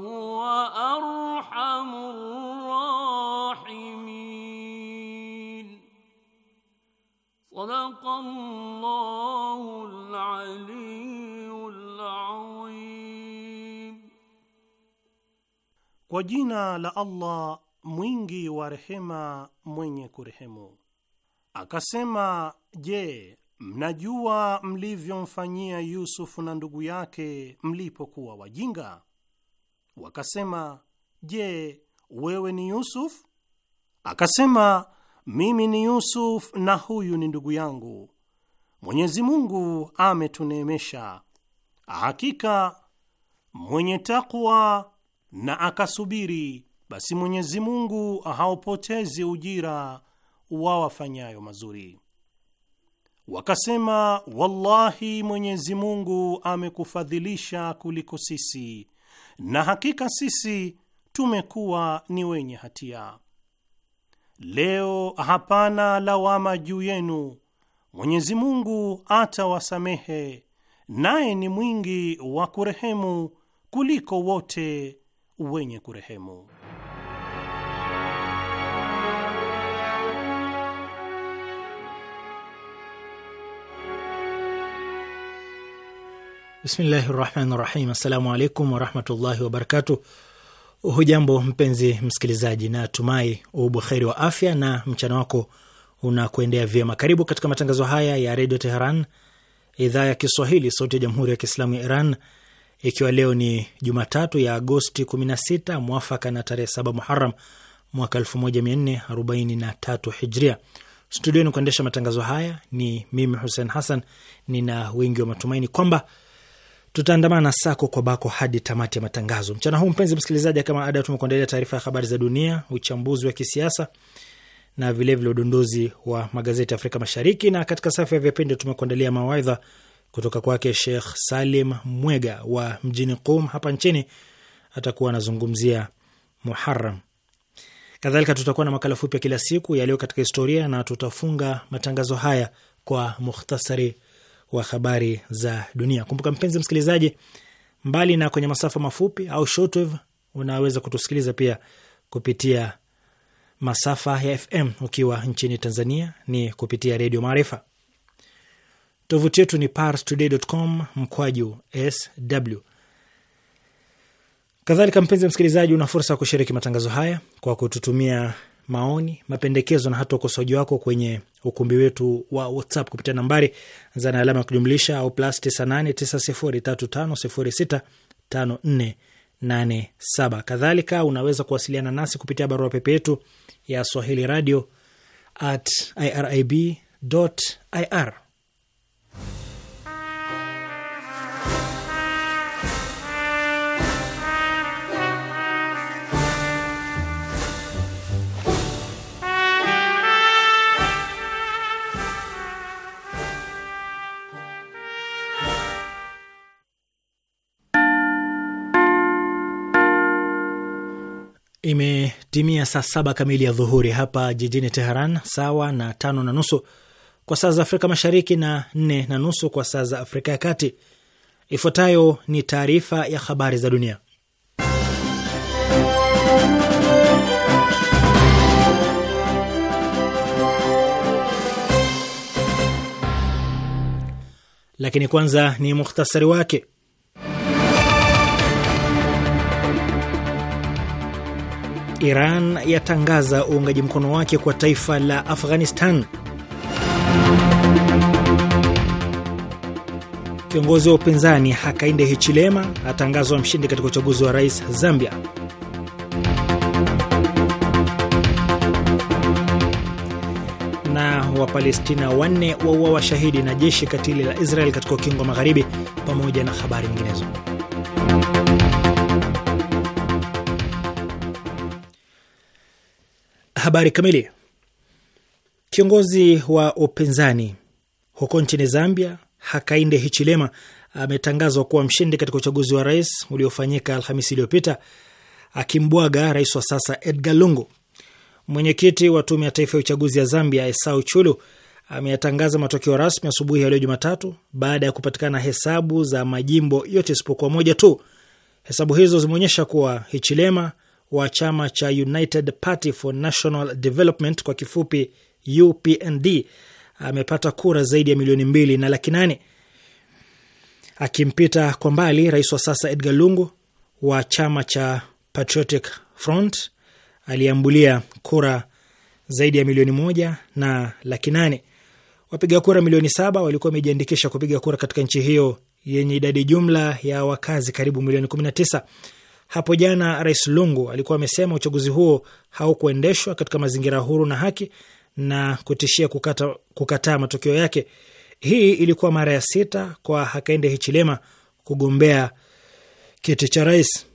huwa arhamur rahimin. aliyyul azim. Kwa jina la Allah mwingi wa rehema mwenye kurehemu. Akasema, je, mnajua mlivyomfanyia Yusufu na ndugu yake mlipokuwa wajinga? Wakasema, je, wewe ni Yusuf? Akasema, mimi ni Yusuf na huyu ni ndugu yangu. Mwenyezi Mungu ametuneemesha. Hakika mwenye takwa na akasubiri, basi Mwenyezi Mungu haupotezi ujira wa wafanyayo mazuri. Wakasema, wallahi Mwenyezi Mungu amekufadhilisha kuliko sisi na hakika sisi tumekuwa ni wenye hatia. Leo hapana lawama juu yenu, Mwenyezi Mungu atawasamehe, naye ni mwingi wa kurehemu kuliko wote wenye kurehemu. Bismillahi rahmani rahim. Assalamu alaikum warahmatullahi wabarakatu. Hujambo mpenzi msikilizaji, na tumai ubukheri wa afya na mchana wako unakuendea vyema. Karibu katika matangazo haya ya redio Teheran, idhaa ya Kiswahili, sauti ya jamhuri ya kiislamu ya Iran, ikiwa leo ni Jumatatu ya Agosti 16 mwafaka na tarehe 7 Muharam mwaka 1443 Hijria. Studioni kuendesha matangazo haya ni mimi Hussein Hassan, nina wingi wa matumaini kwamba Tutaandamana sako kwa bako hadi tamati ya matangazo mchana huu. Mpenzi msikilizaji, kama ada, tumekuandalia taarifa ya habari za dunia, uchambuzi wa kisiasa na vilevile udondozi wa magazeti Afrika Mashariki, na katika safu ya vipindi tumekuandalia mawaidha kutoka kwake Sheikh Salim Mwega wa mjini Qum hapa nchini. Atakuwa anazungumzia Muharram. Kadhalika tutakuwa na makala fupi ya kila siku yaliyo katika historia, na tutafunga matangazo haya kwa mukhtasari wa habari za dunia. Kumbuka mpenzi msikilizaji, mbali na kwenye masafa mafupi au shortwave, unaweza kutusikiliza pia kupitia masafa ya FM. Ukiwa nchini Tanzania ni kupitia Redio Maarifa. Tovuti yetu ni parstoday.com mkwaju sw. Kadhalika mpenzi msikilizaji, una fursa ya kushiriki matangazo haya kwa kututumia maoni, mapendekezo na hata ukosoaji wako kwenye ukumbi wetu wa WhatsApp kupitia nambari na alama ya kujumlisha au plus 989035065487. Kadhalika unaweza kuwasiliana nasi kupitia barua pepe yetu ya swahili radio at irib ir Imetimia saa saba kamili ya dhuhuri hapa jijini Teheran, sawa na tano na nusu kwa saa za Afrika Mashariki na nne na nusu kwa saa za Afrika ya Kati. Ifuatayo ni taarifa ya habari za dunia, lakini kwanza ni mukhtasari wake. Iran yatangaza uungaji mkono wake kwa taifa la Afghanistan. Kiongozi wa upinzani Hakainde Hichilema atangazwa mshindi katika uchaguzi wa rais Zambia. Na Wapalestina wanne wauawa shahidi na jeshi katili la Israel katika ukingo wa magharibi, pamoja na habari nyinginezo. Habari kamili. Kiongozi wa upinzani huko nchini Zambia, Hakainde Hichilema ametangazwa kuwa mshindi katika uchaguzi wa rais uliofanyika Alhamisi iliyopita akimbwaga rais wa sasa Edgar Lungu. Mwenyekiti wa tume ya taifa ya uchaguzi ya Zambia Esau Chulu ameyatangaza matokeo rasmi asubuhi ya leo Jumatatu baada ya kupatikana hesabu za majimbo yote isipokuwa moja tu. Hesabu hizo zimeonyesha kuwa Hichilema wa chama cha United Party for National Development kwa kifupi UPND amepata kura zaidi ya milioni mbili na laki nane akimpita kwa mbali rais wa sasa Edgar Lungu wa chama cha Patriotic Front aliambulia kura zaidi ya milioni moja na laki nane. Wapiga kura milioni saba walikuwa wamejiandikisha kupiga kura katika nchi hiyo yenye idadi jumla ya wakazi karibu milioni kumi tisa. Hapo jana Rais Lungu alikuwa amesema uchaguzi huo haukuendeshwa katika mazingira huru na haki na kutishia kukataa matokeo yake. Hii ilikuwa mara ya sita kwa Hakainde Hichilema kugombea kiti cha rais.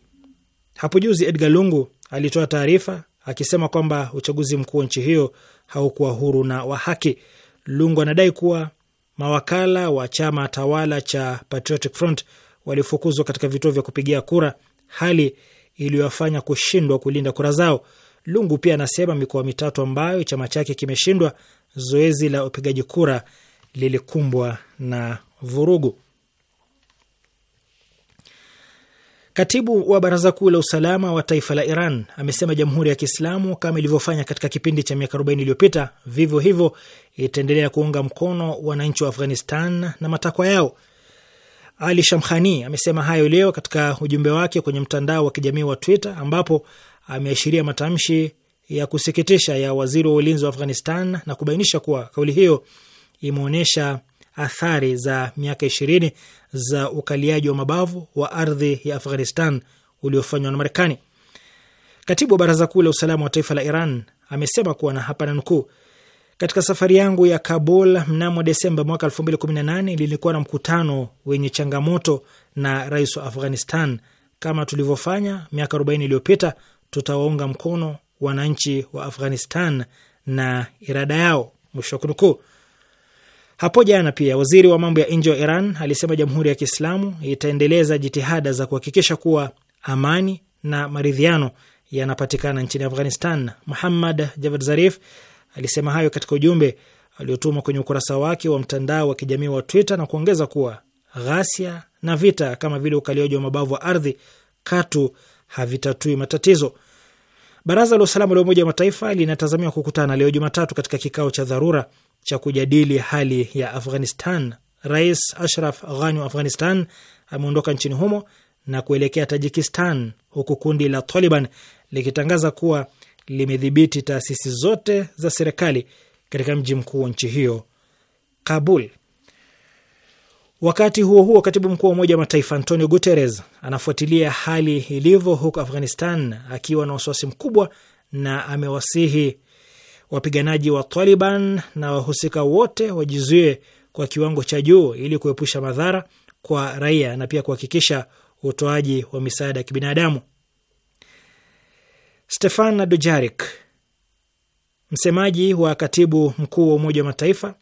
Hapo juzi Edgar Lungu alitoa taarifa akisema kwamba uchaguzi mkuu wa nchi hiyo haukuwa huru na wa haki. Lungu anadai kuwa mawakala wa chama tawala cha Patriotic Front walifukuzwa katika vituo vya kupigia kura hali iliyowafanya kushindwa kulinda kura zao. Lungu pia anasema mikoa mitatu ambayo chama chake kimeshindwa, zoezi la upigaji kura lilikumbwa na vurugu. Katibu wa Baraza Kuu la Usalama wa Taifa la Iran amesema Jamhuri ya Kiislamu, kama ilivyofanya katika kipindi cha miaka 40 iliyopita, vivyo hivyo itaendelea kuunga mkono wananchi wa Afghanistan na matakwa yao. Ali Shamkhani amesema hayo leo katika ujumbe wake kwenye mtandao wa kijamii wa Twitter ambapo ameashiria matamshi ya kusikitisha ya waziri wa ulinzi wa Afghanistan na kubainisha kuwa kauli hiyo imeonyesha athari za miaka ishirini za ukaliaji wa mabavu wa ardhi ya Afghanistan uliofanywa na Marekani. Katibu wa baraza kuu la usalama wa taifa la Iran amesema kuwa, na hapa na nukuu, katika safari yangu ya Kabul mnamo Desemba mwaka 2018 lilikuwa na mkutano wenye changamoto na rais wa Afghanistan. Kama tulivyofanya miaka 40 iliyopita, tutawaunga mkono wananchi wa Afghanistan na irada yao, mwisho wa kunukuu. Hapo jana pia waziri wa mambo ya nje wa Iran alisema Jamhuri ya Kiislamu itaendeleza jitihada za kuhakikisha kuwa amani na maridhiano yanapatikana nchini Afghanistan. Muhammad Javad Zarif Alisema hayo katika ujumbe aliotuma kwenye ukurasa wake wa mtandao wa kijamii wa Twitter na kuongeza kuwa ghasia na vita kama vile ukaliaji wa mabavu wa ardhi katu havitatui matatizo. Baraza la usalama la Umoja wa Mataifa linatazamiwa kukutana leo Jumatatu katika kikao cha dharura cha kujadili hali ya Afghanistan. Rais Ashraf Ghani wa Afghanistan ameondoka nchini humo na kuelekea Tajikistan, huku kundi la Taliban likitangaza kuwa limedhibiti taasisi zote za serikali katika mji mkuu wa nchi hiyo Kabul. Wakati huo huo, katibu mkuu wa Umoja wa Mataifa Antonio Guterres anafuatilia hali ilivyo huko Afghanistan akiwa na wasiwasi mkubwa, na amewasihi wapiganaji wa Taliban na wahusika wote wajizuie kwa kiwango cha juu ili kuepusha madhara kwa raia na pia kuhakikisha utoaji wa misaada ya kibinadamu. Stefan Dujarik, msemaji wa katibu mkuu wa Umoja wa Mataifa,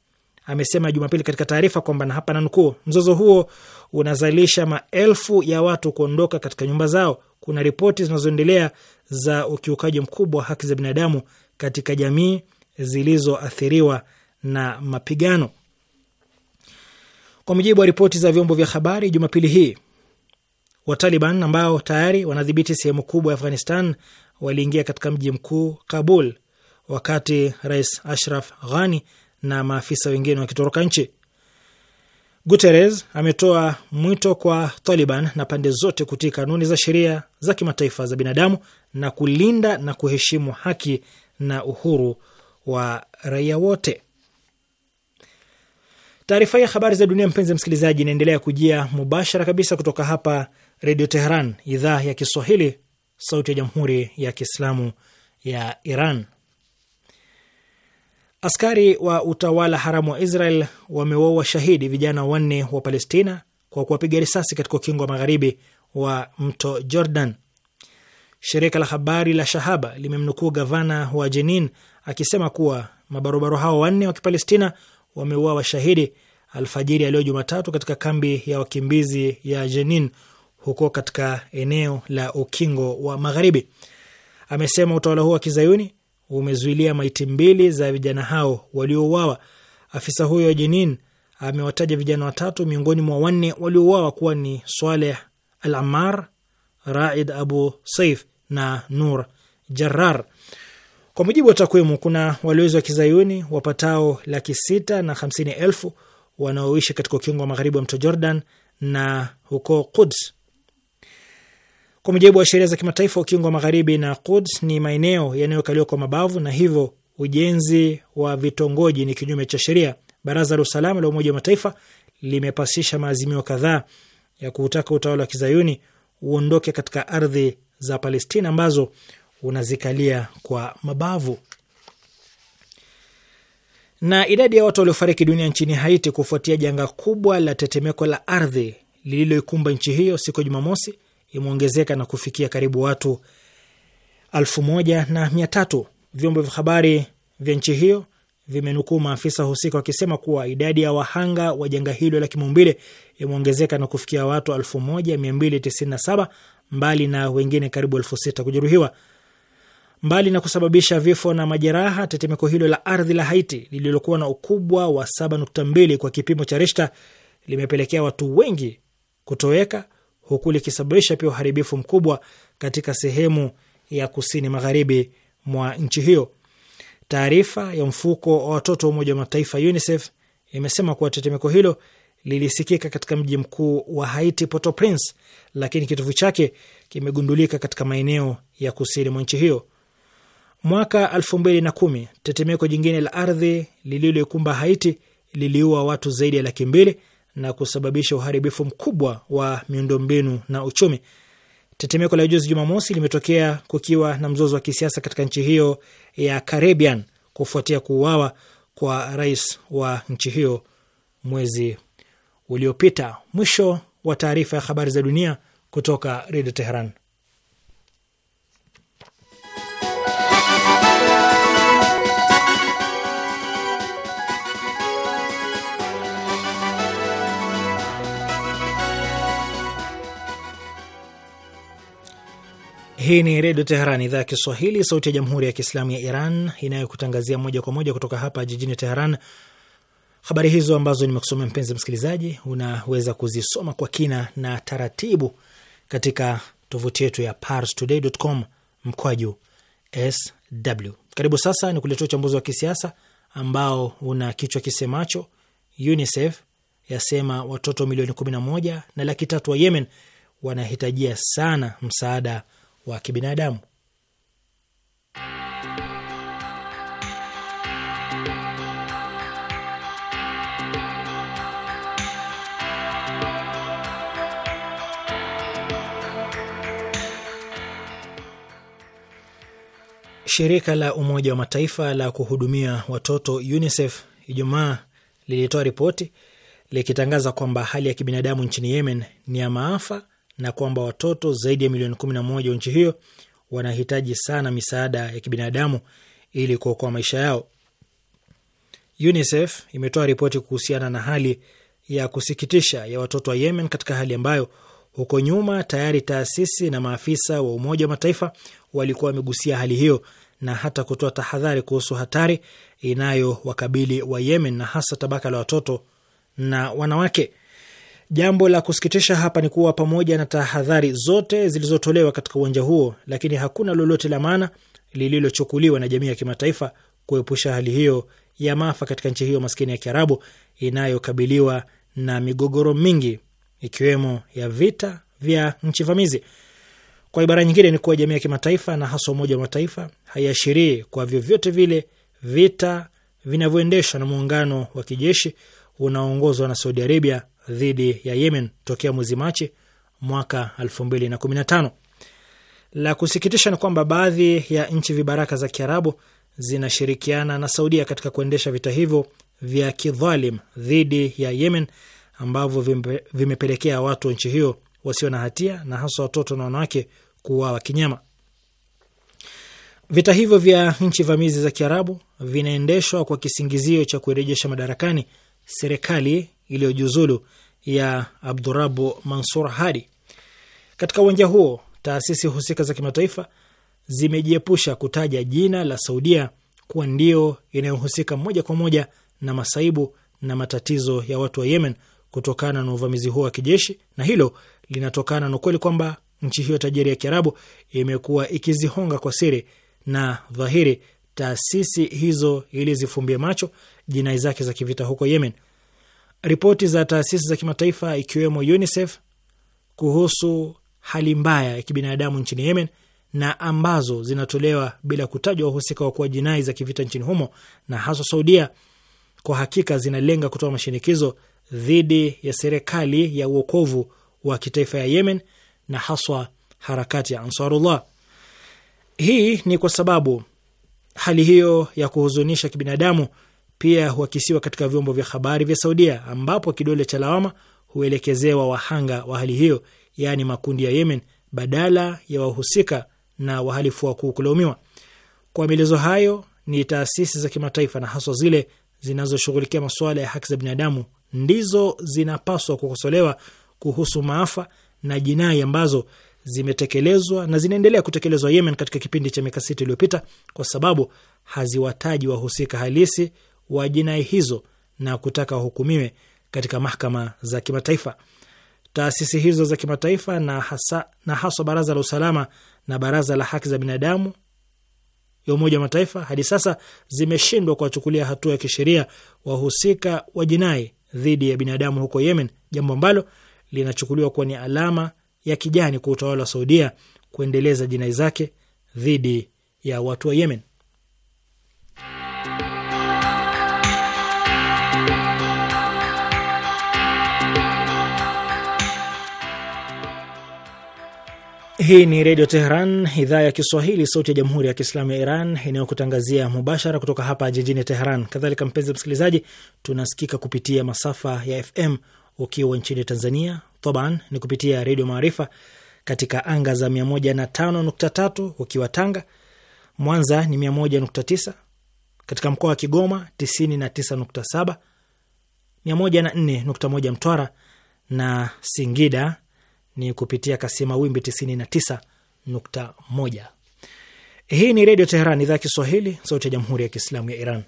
amesema Jumapili katika taarifa kwamba, na hapa nanukuu, mzozo huo unazalisha maelfu ya watu kuondoka katika nyumba zao. Kuna ripoti zinazoendelea za ukiukaji mkubwa wa haki za binadamu katika jamii zilizoathiriwa na mapigano. Kwa mujibu wa ripoti za vyombo vya habari Jumapili hii, Wataliban ambao tayari wanadhibiti sehemu kubwa ya Afghanistan waliingia katika mji mkuu Kabul wakati Rais Ashraf Ghani na maafisa wengine wakitoroka nchi. Guterres ametoa mwito kwa Taliban na pande zote kutii kanuni za sheria za kimataifa za binadamu na kulinda na kuheshimu haki na uhuru wa raia wote. Taarifa ya habari za dunia, mpenzi msikilizaji, inaendelea kujia mubashara kabisa kutoka hapa Redio Teheran, idhaa ya Kiswahili, sauti ya jamhuri ya kiislamu ya Iran. Askari wa utawala haramu wa Israel wamewaua shahidi vijana wanne wa Palestina kwa kuwapiga risasi katika ukingo wa magharibi wa mto Jordan. Shirika la habari la Shahaba limemnukuu gavana wa Jenin akisema kuwa mabarobaro hao wanne wa Kipalestina wameuawa shahidi alfajiri ya leo Jumatatu katika kambi ya wakimbizi ya Jenin huko katika eneo la ukingo wa Magharibi. Amesema utawala huo wa kizayuni umezuilia maiti mbili za vijana hao waliouawa. Afisa huyo wa Jenin amewataja vijana watatu miongoni mwa wanne waliouawa kuwa ni Swaleh Al Amar, Raid Abu Saif na Nur Jarar. Kwa mujibu wa takwimu, kuna walowezi wa kizayuni wapatao laki sita na hamsini elfu wanaoishi katika ukingo wa magharibi wa mto Jordan na huko Quds kwa mujibu wa sheria za kimataifa, ukingo wa magharibi na Quds ni maeneo yanayokaliwa kwa mabavu na hivyo ujenzi wa vitongoji ni kinyume cha sheria. Baraza la Usalama la Umoja wa Mataifa limepasisha maazimio kadhaa ya kuutaka utawala wa kizayuni uondoke katika ardhi za Palestina ambazo unazikalia kwa mabavu. Na idadi ya watu waliofariki dunia nchini Haiti kufuatia janga kubwa la tetemeko la ardhi lililoikumba nchi hiyo siku ya Jumamosi imeongezeka na kufikia karibu watu elfu moja na mia tatu. Vyombo vya habari vya nchi hiyo vimenukuu maafisa husika wakisema kuwa idadi ya wahanga wa janga hilo la kimaumbile imeongezeka na kufikia watu 1297 mbali na wengine karibu elfu sita kujeruhiwa. Mbali na kusababisha vifo na majeraha, tetemeko hilo la ardhi la Haiti lililokuwa na ukubwa wa 7.2 kwa kipimo cha Richter limepelekea watu wengi kutoweka huku likisababisha pia uharibifu mkubwa katika sehemu ya kusini magharibi mwa nchi hiyo. Taarifa ya mfuko wa watoto wa Umoja wa Mataifa UNICEF imesema kuwa tetemeko hilo lilisikika katika mji mkuu wa Haiti, Port-au-Prince, lakini kitovu chake kimegundulika katika maeneo ya kusini mwa nchi hiyo. Mwaka 2010 tetemeko jingine la ardhi lililoikumba Haiti liliua watu zaidi ya laki mbili na kusababisha uharibifu mkubwa wa miundombinu na uchumi. Tetemeko la juzi Jumamosi limetokea kukiwa na mzozo wa kisiasa katika nchi hiyo ya Caribbean kufuatia kuuawa kwa rais wa nchi hiyo mwezi uliopita. Mwisho wa taarifa ya habari za dunia kutoka Redio Teheran. Hii ni Redio Teheran, idhaa ya Kiswahili, sauti ya Jamhuri ya Kiislamu ya Iran inayokutangazia moja kwa moja kutoka hapa jijini Teheran. Habari hizo ambazo nimekusomea, mpenzi msikilizaji, unaweza kuzisoma kwa kina na taratibu katika tovuti yetu ya parstoday.com mkwaju sw. Karibu sasa ni kuletea uchambuzi wa kisiasa ambao una kichwa kisemacho UNICEF yasema watoto milioni 11 na laki tatu wa Yemen wanahitajia sana msaada wa kibinadamu. Shirika la Umoja wa Mataifa la kuhudumia watoto UNICEF Ijumaa lilitoa ripoti likitangaza kwamba hali ya kibinadamu nchini Yemen ni ya maafa na kwamba watoto zaidi ya milioni moja wa nchi hiyo wanahitaji sana misaada ya kibinadamu ili kuokoa maisha yao. UNICEF imetoa ripoti kuhusiana na hali ya kusikitisha ya watoto wa Yemen katika hali ambayo huko nyuma tayari taasisi na maafisa wa Umoja wa Mataifa walikuwa wamegusia hali hiyo na hata kutoa tahadhari kuhusu hatari inayowakabili wa Yemen na hasa tabaka la watoto na wanawake. Jambo la kusikitisha hapa ni kuwa pamoja na tahadhari zote zilizotolewa katika uwanja huo, lakini hakuna lolote la maana lililochukuliwa na jamii ya kimataifa kuepusha hali hiyo ya maafa katika nchi hiyo maskini ya Kiarabu inayokabiliwa na migogoro mingi ikiwemo ya vita vya nchi vamizi. Kwa ibara nyingine, ni kuwa jamii ya kimataifa na hasa Umoja wa Mataifa haiashirii kwa vyovyote vile vita vinavyoendeshwa na muungano wa kijeshi unaoongozwa na Saudi Arabia dhidi ya Yemen tokea mwezi Machi mwaka 2015. La kusikitisha ni kwamba baadhi ya nchi vibaraka za Kiarabu zinashirikiana na Saudia katika kuendesha vita hivyo vya kidhalim dhidi ya Yemen ambavyo vimepelekea watu wa nchi hiyo wasio na hatia na hasa watoto na wanawake kuuawa kinyama. Vita hivyo vya nchi vamizi za Kiarabu vinaendeshwa kwa kisingizio cha kuirejesha madarakani serikali iliyojuzulu ya Abdurabu Mansur Hadi. Katika uwanja huo, taasisi husika za kimataifa zimejiepusha kutaja jina la Saudia kuwa ndio inayohusika moja kwa moja na masaibu na matatizo ya watu wa Yemen kutokana na uvamizi huo wa kijeshi, na hilo linatokana na ukweli kwamba nchi hiyo tajiri ya Kiarabu imekuwa ikizihonga kwa siri na dhahiri taasisi hizo ili zifumbie macho jinai zake za kivita huko Yemen ripoti za taasisi za kimataifa ikiwemo UNICEF kuhusu hali mbaya ya kibinadamu nchini Yemen na ambazo zinatolewa bila kutajwa wahusika wa kuwa jinai za kivita nchini humo na haswa Saudia, kwa hakika zinalenga kutoa mashinikizo dhidi ya serikali ya uokovu wa kitaifa ya Yemen na haswa harakati ya Ansarullah. Hii ni kwa sababu hali hiyo ya kuhuzunisha kibinadamu pia huakisiwa katika vyombo vya habari vya Saudia, ambapo kidole cha lawama huelekezewa wahanga wa hali hiyo, yaani makundi ya Yemen, badala ya wahusika na wahalifu wakuu kulaumiwa. Kwa maelezo hayo, ni taasisi za kimataifa na haswa zile zinazoshughulikia masuala ya haki za binadamu ndizo zinapaswa kukosolewa kuhusu maafa na jinai ambazo zimetekelezwa na zinaendelea kutekelezwa Yemen katika kipindi cha miaka sita iliyopita, kwa sababu haziwataji wahusika halisi wa jinai hizo na kutaka wahukumiwe katika mahakama za kimataifa. Taasisi hizo za kimataifa na hasa, na haswa Baraza la Usalama na Baraza la Haki za Binadamu ya Umoja wa Mataifa hadi sasa zimeshindwa kuwachukulia hatua ya kisheria wahusika wa jinai dhidi ya binadamu huko Yemen, jambo ambalo linachukuliwa kuwa ni alama ya kijani kwa utawala wa Saudia kuendeleza jinai zake dhidi ya watu wa Yemen. Hii ni Redio Teheran, idhaa ya Kiswahili, sauti ya Jamhuri ya Kiislamu ya Iran inayokutangazia mubashara kutoka hapa jijini Teheran. Kadhalika mpenzi msikilizaji, tunasikika kupitia masafa ya FM ukiwa nchini Tanzania toban ni kupitia Redio Maarifa katika anga za 105.3 ukiwa Tanga, Mwanza ni 101.9, katika mkoa wa Kigoma 99.7, 104.1 Mtwara na Singida ni kupitia kasima wimbi 99.1. Hii ni Redio Teheran, idhaa ya Kiswahili, sauti ya Jamhuri ya Kiislamu ya Iran.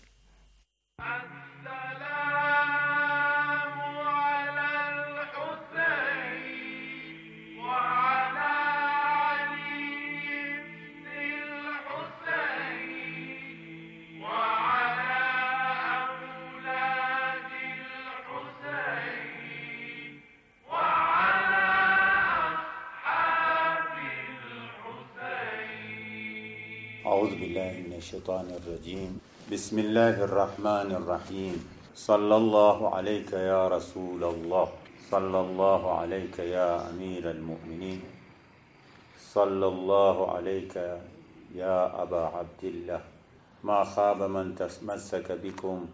الرجيم بسم الله الرحمن الرحيم صلى الله عليك يا رسول الله صلى الله عليك يا أمير المؤمنين صلى الله عليك يا أبا عبد الله ما خاب من تمسك بكم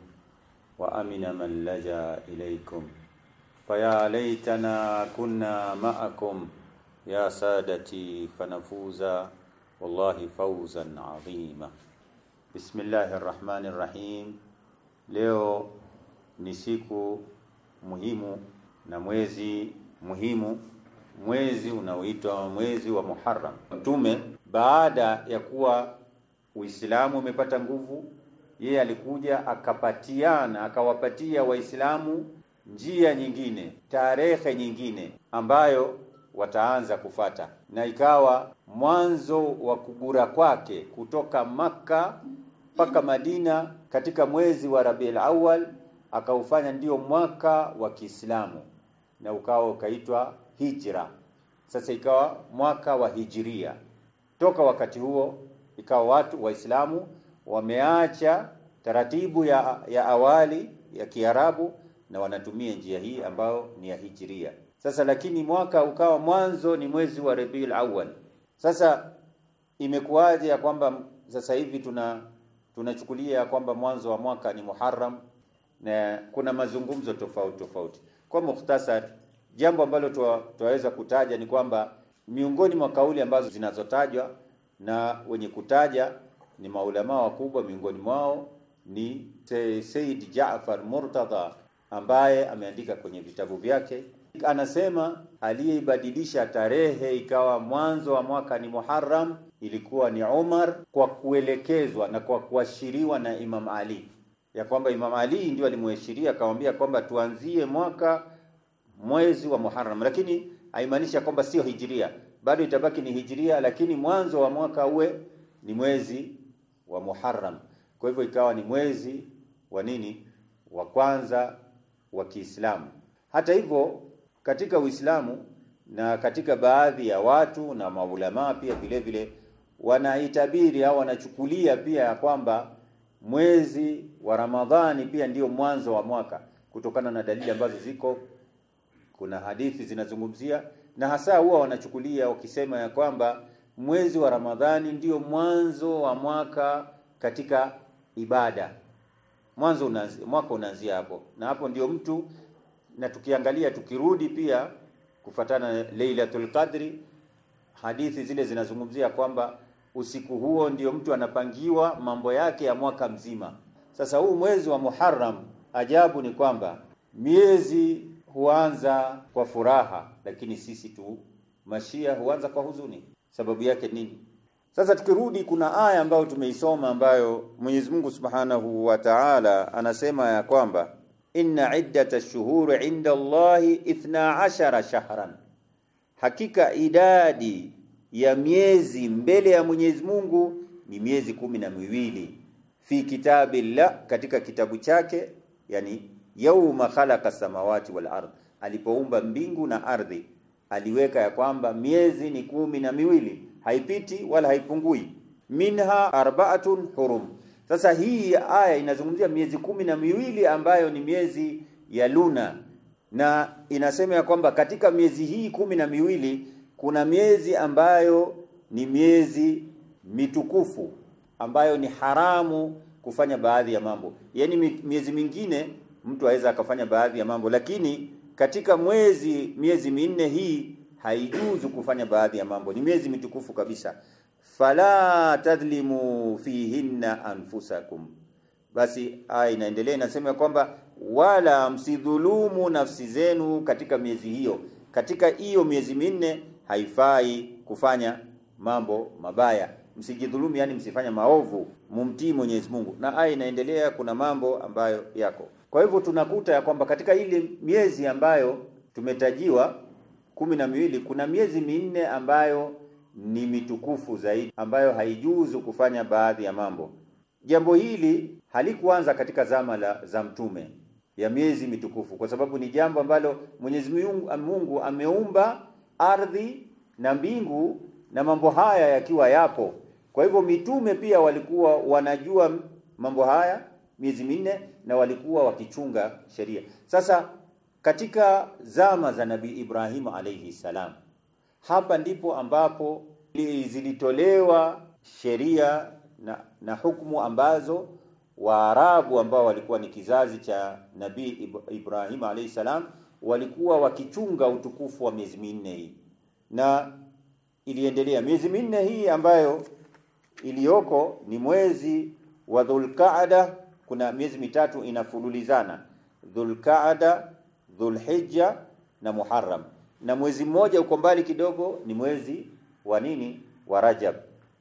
وأمن من لجأ إليكم فيا ليتنا كنا معكم يا سادتي فنفوز والله فوزا عظيما Bismillahi rahmani rahim. Leo ni siku muhimu na mwezi muhimu, mwezi unaoitwa mwezi wa Muharram. Mtume baada ya kuwa Uislamu umepata nguvu, yeye alikuja akapatiana, akawapatia Waislamu njia nyingine, tarehe nyingine ambayo wataanza kufata, na ikawa mwanzo wa kugura kwake kutoka Makka mpaka Madina katika mwezi wa Rabiul awal akaufanya ndio mwaka wa Kiislamu na ukawa ukaitwa hijra. Sasa ikawa mwaka wa hijiria. Toka wakati huo ikawa watu Waislamu wameacha taratibu ya, ya awali ya Kiarabu na wanatumia njia hii ambayo ni ya hijiria. Sasa lakini mwaka ukawa mwanzo ni mwezi wa Rabiul awal Sasa imekuwaje ya kwamba sasa hivi tuna tunachukulia kwamba mwanzo wa mwaka ni Muharram na kuna mazungumzo tofauti tofauti. Kwa mukhtasar, jambo ambalo twaweza kutaja ni kwamba miongoni mwa kauli ambazo zinazotajwa na wenye kutaja ni maulamaa wakubwa, miongoni mwao ni Sayyid Jaafar Murtada ambaye ameandika kwenye vitabu vyake Anasema aliyeibadilisha tarehe ikawa mwanzo wa mwaka ni Muharram ilikuwa ni Umar, kwa kuelekezwa na kwa kuashiriwa na Imam Ali, ya kwamba Imam Ali ndio alimuashiria akamwambia kwamba tuanzie mwaka mwezi wa Muharram, lakini haimaanishi kwamba sio hijiria, bado itabaki ni hijiria, lakini mwanzo wa mwaka uwe ni mwezi wa Muharram. Kwa hivyo ikawa ni mwezi wa nini wa kwanza wa Kiislamu. Hata hivyo katika Uislamu na katika baadhi ya watu na maulamaa pia vile vile wanaitabiri au wanachukulia pia ya kwamba mwezi wa Ramadhani pia ndio mwanzo wa mwaka kutokana na dalili ambazo ziko. Kuna hadithi zinazungumzia na hasa huwa wanachukulia wakisema ya kwamba mwezi wa Ramadhani ndio mwanzo wa mwaka katika ibada. Mwanzo unaanzia, mwaka unaanzia hapo, na hapo ndio mtu na tukiangalia tukirudi pia kufatana na Lailatul Qadri, hadithi zile zinazungumzia kwamba usiku huo ndio mtu anapangiwa mambo yake ya mwaka mzima. Sasa huu mwezi wa Muharram, ajabu ni kwamba miezi huanza kwa furaha, lakini sisi tu mashia huanza kwa huzuni. Sababu yake nini? Sasa tukirudi, kuna aya ambayo tumeisoma ambayo Mwenyezi Mungu Subhanahu wa Ta'ala anasema ya kwamba inna ash shuhuri inda Allahi 12 shahran, hakika idadi ya miezi mbele ya Mwenyezi Mungu ni miezi kumi na miwili. Fi la katika kitabu chake, yani yauma khalaqa samawati wal ardh, alipoumba mbingu na ardhi aliweka ya kwamba miezi ni kumi na miwili, haipiti wala haipungui. Minha arbaatun hurum sasa hii aya inazungumzia miezi kumi na miwili ambayo ni miezi ya luna, na inasema ya kwamba katika miezi hii kumi na miwili kuna miezi ambayo ni miezi mitukufu ambayo ni haramu kufanya baadhi ya mambo. Yaani miezi mingine mtu aweza akafanya baadhi ya mambo, lakini katika mwezi miezi minne hii haijuzu kufanya baadhi ya mambo, ni miezi mitukufu kabisa fala tadhlimu fihinna anfusakum. Basi aya inaendelea inasema kwamba wala msidhulumu nafsi zenu katika miezi hiyo. Katika hiyo miezi minne haifai kufanya mambo mabaya, msijidhulumu, yani msifanya maovu, mumtii Mwenyezi Mungu. Na aya inaendelea, kuna mambo ambayo yako. Kwa hivyo tunakuta ya kwamba katika ile miezi ambayo tumetajiwa kumi na miwili, kuna miezi minne ambayo ni mitukufu zaidi ambayo haijuzu kufanya baadhi ya mambo. Jambo hili halikuanza katika zama la za mtume ya miezi mitukufu, kwa sababu ni jambo ambalo Mwenyezi Mungu ameumba ardhi na mbingu na mambo haya yakiwa yapo. Kwa hivyo mitume pia walikuwa wanajua mambo haya miezi minne na walikuwa wakichunga sheria. Sasa katika zama za Nabii Ibrahim alayhi salam hapa ndipo ambapo zilitolewa sheria na, na hukumu ambazo Waarabu ambao walikuwa ni kizazi cha Nabii Ibrahim alayhi salam walikuwa wakichunga utukufu wa miezi minne hii, na iliendelea miezi minne hii ambayo iliyoko ni mwezi wa Dhulqaada. Kuna miezi mitatu inafululizana: Dhulqaada, Dhulhijja na Muharram na mwezi mmoja uko mbali kidogo ni mwezi wa nini wa Rajab.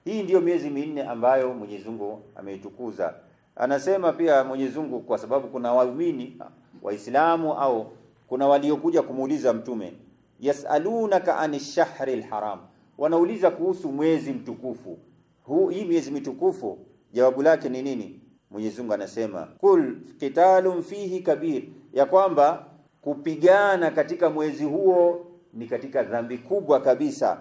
Hii ndiyo miezi minne ambayo Mwenyezi Mungu ameitukuza. Anasema pia Mwenyezi Mungu, kwa sababu kuna waumini Waislamu au kuna waliokuja kumuuliza Mtume, yasalunaka ani shahri lharam, wanauliza kuhusu mwezi mtukufu huu, hii miezi mitukufu. Jawabu lake ni nini? Mwenyezi Mungu anasema kul kitalum fihi kabir, ya kwamba kupigana katika mwezi huo ni katika dhambi kubwa kabisa.